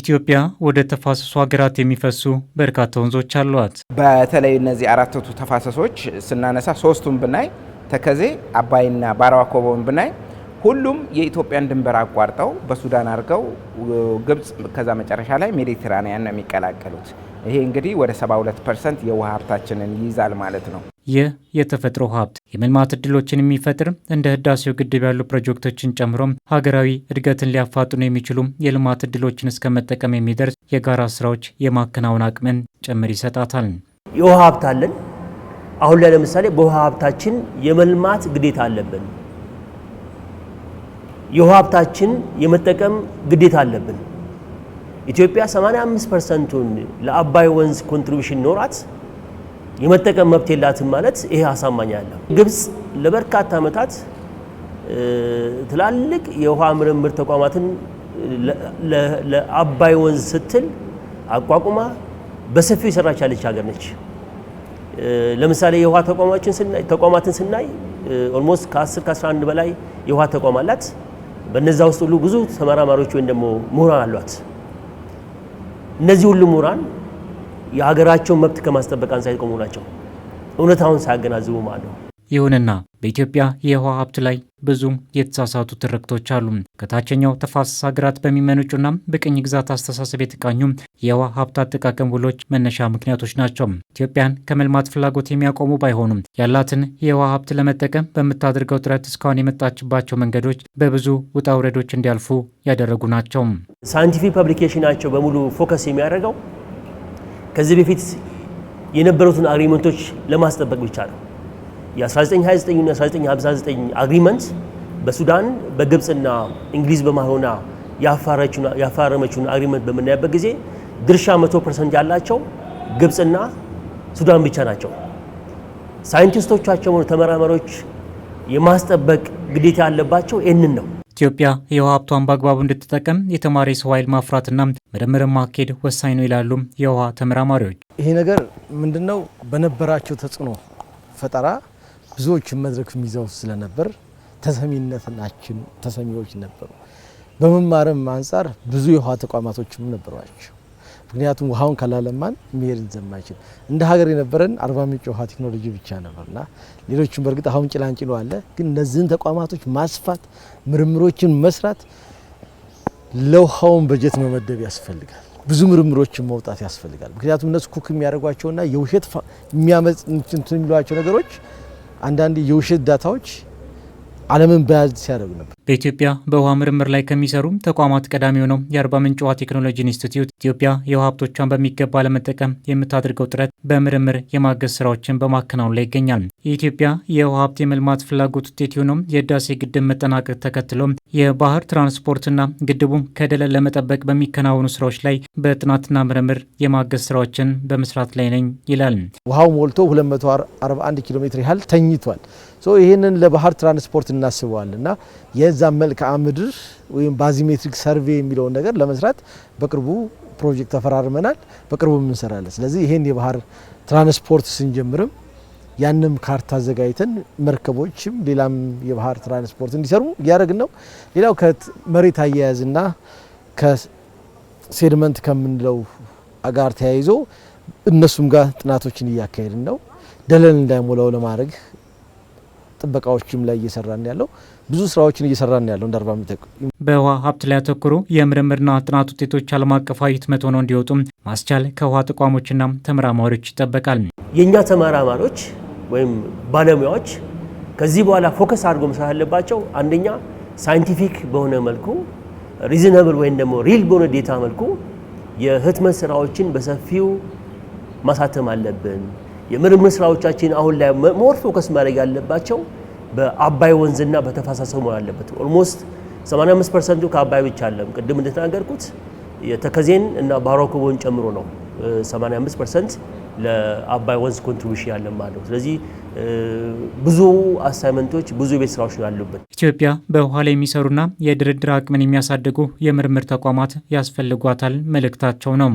ኢትዮጵያ ወደ ተፋሰሱ ሀገራት የሚፈሱ በርካታ ወንዞች አሏት። በተለይ እነዚህ አራቱ ተፋሰሶች ስናነሳ ሶስቱን ብናይ ተከዜ፣ አባይና ባረዋ ኮቦን ብናይ ሁሉም የኢትዮጵያን ድንበር አቋርጠው በሱዳን አድርገው ግብጽ፣ ከዛ መጨረሻ ላይ ሜዲትራንያን ነው የሚቀላቀሉት። ይሄ እንግዲህ ወደ 72 ፐርሰንት የውሃ ሀብታችንን ይይዛል ማለት ነው። ይህ የተፈጥሮ ሀብት የመልማት እድሎችን የሚፈጥር እንደ ህዳሴው ግድብ ያሉ ፕሮጀክቶችን ጨምሮ ሀገራዊ እድገትን ሊያፋጥኑ የሚችሉ የልማት እድሎችን እስከ መጠቀም የሚደርስ የጋራ ስራዎች የማከናወን አቅምን ጭምር ይሰጣታል። የውሃ ሀብት አለን። አሁን ላይ ለምሳሌ በውሃ ሀብታችን የመልማት ግዴታ አለብን። የውሃ ሀብታችን የመጠቀም ግዴታ አለብን። ኢትዮጵያ 85 ፐርሰንቱን ለአባይ ወንዝ ኮንትሪቢሽን ኖራት የመጠቀም መብት የላትም ማለት ይሄ አሳማኝ ያለው። ግብፅ ለበርካታ ዓመታት ትላልቅ የውሃ ምርምር ተቋማትን ለአባይ ወንዝ ስትል አቋቁማ በሰፊው የሰራች ያለች ሀገር ነች። ለምሳሌ የውሃ ተቋማትን ስናይ ኦልሞስት ከ10 ከ11 በላይ የውሃ ተቋም አላት። በነዛ ውስጥ ሁሉ ብዙ ተመራማሪዎች ወይም ደግሞ ምሁራን አሏት። እነዚህ ሁሉ ምሁራን የሀገራቸውን መብት ከማስጠበቅ አንጻር የቆሙ ናቸው፣ እውነታውን ሳያገናዝቡ ማለት ነው። ይሁንና በኢትዮጵያ የውሃ ሀብት ላይ ብዙም የተሳሳቱ ትርክቶች አሉ። ከታችኛው ተፋሰስ ሀገራት በሚመነጩና በቅኝ ግዛት አስተሳሰብ የተቃኙ የውሃ ሀብት አጠቃቀም ውሎች መነሻ ምክንያቶች ናቸው። ኢትዮጵያን ከመልማት ፍላጎት የሚያቆሙ ባይሆኑም ያላትን የውሃ ሀብት ለመጠቀም በምታደርገው ጥረት እስካሁን የመጣችባቸው መንገዶች በብዙ ውጣ ውረዶች እንዲያልፉ ያደረጉ ናቸው። ሳይንቲፊክ ፐብሊኬሽናቸው በሙሉ ፎከስ የሚያደርገው ከዚህ በፊት የነበሩትን አግሪመንቶች ለማስጠበቅ ብቻ ነው። የ1929ና 1959 አግሪመንት በሱዳን በግብፅና እንግሊዝ በማሆና ያፋረመችውን አግሪመንት በምናይበት ጊዜ ድርሻ 100 ፐርሰንት ያላቸው ግብፅና ሱዳን ብቻ ናቸው። ሳይንቲስቶቻቸው ሆነ ተመራማሪዎች የማስጠበቅ ግዴታ ያለባቸው ይህንን ነው። ኢትዮጵያ የውሃ ሀብቷን በአግባቡ እንድትጠቀም የተማሪ ሰው ኃይል ማፍራትና መደመርን ማካሄድ ወሳኝ ነው ይላሉ የውሃ ተመራማሪዎች። ይሄ ነገር ምንድነው? በነበራቸው ተጽዕኖ ፈጠራ ብዙዎችን መድረክ የሚዘው ስለነበር ተሰሚነትናችን ተሰሚዎች ነበሩ። በመማርም አንጻር ብዙ የውሃ ተቋማቶችም ነበሯቸው። ምክንያቱም ውሃውን ካላለማን መሄድ እንዘማችን እንደ ሀገር የነበረን አርባ ምንጭ ውሃ ቴክኖሎጂ ብቻ ነበርና ሌሎችም በእርግጥ አሁን ጭላንጭሎ አለ፣ ግን እነዚህን ተቋማቶች ማስፋት፣ ምርምሮችን መስራት፣ ለውሃውን በጀት መመደብ ያስፈልጋል። ብዙ ምርምሮችን መውጣት ያስፈልጋል። ምክንያቱም እነሱ ኩክ የሚያደርጓቸውና የውሸት የሚያመጽ የሚሏቸው ነገሮች አንዳንድ የውሸት ዳታዎች ዓለምን በያዝ ሲያደርግ ነበር። በኢትዮጵያ በውሃ ምርምር ላይ ከሚሰሩ ተቋማት ቀዳሚ የሆነው የአርባ ምንጭ ውሃ ቴክኖሎጂ ኢንስቲትዩት ኢትዮጵያ የውሃ ሀብቶቿን በሚገባ ለመጠቀም የምታደርገው ጥረት በምርምር የማገዝ ስራዎችን በማከናወን ላይ ይገኛል። የኢትዮጵያ የውሃ ሀብት የመልማት ፍላጎት ውጤት የሆነው የህዳሴ ግድብ መጠናቀቅ ተከትሎ የባህር ትራንስፖርትና ግድቡን ከደለል ለመጠበቅ በሚከናወኑ ስራዎች ላይ በጥናትና ምርምር የማገዝ ስራዎችን በመስራት ላይ ነኝ ይላል። ውሃው ሞልቶ 241 ኪሎ ሜትር ያህል ተኝቷል። ይህንን ለባህር ትራንስፖርት እናስበዋል እና የዛ መልክዓ ምድር ወይም ባዚሜትሪክ ሰርቬ የሚለውን ነገር ለመስራት በቅርቡ ፕሮጀክት ተፈራርመናል። በቅርቡ እንሰራለን። ስለዚህ ይህን የባህር ትራንስፖርት ስንጀምርም ያንም ካርታ አዘጋጅተን መርከቦችም ሌላም የባህር ትራንስፖርት እንዲሰሩ እያደረግን ነው። ሌላው ከመሬት አያያዝና ከሴድመንት ከምንለው ጋር ተያይዞ እነሱም ጋር ጥናቶችን እያካሄድን ነው። ደለል እንዳይሞላው ለማድረግ ጥበቃዎችም ላይ እየሰራን ያለው ብዙ ስራዎችን እየሰራን ያለው እንደ አርባ ምንጭ በውሃ ሀብት ላይ ያተኮሩ የምርምርና ጥናት ውጤቶች ዓለም አቀፋዊ ህትመት ሆነው እንዲወጡ ማስቻል ከውሃ ተቋሞችና ተመራማሪዎች ይጠበቃል። የእኛ ተመራማሪዎች ወይም ባለሙያዎች ከዚህ በኋላ ፎከስ አድርጎ መስራት ያለባቸው አንደኛ ሳይንቲፊክ በሆነ መልኩ ሪዝነብል ወይም ደግሞ ሪል በሆነ ዴታ መልኩ የህትመት ስራዎችን በሰፊው ማሳተም አለብን። የምርምር ስራዎቻችን አሁን ላይ ሞር ፎከስ ማድረግ ያለባቸው በአባይ ወንዝና በተፋሳሰው መሆን አለበት። ኦልሞስት 85 ፐርሰንቱ ከአባይ ብቻ አለም ቅድም እንደተናገርኩት የተከዜን እና ባሮኮቦን ጨምሮ ነው 85 ፐርሰንት ለአባይ ወንዝ ኮንትሪቢሽን ያለም ማለት ነው። ስለዚህ ብዙ አሳይመንቶች፣ ብዙ ቤት ስራዎች ያሉበት ኢትዮጵያ በውሃ ላይ የሚሰሩና የድርድር አቅምን የሚያሳድጉ የምርምር ተቋማት ያስፈልጓታል መልእክታቸው ነው።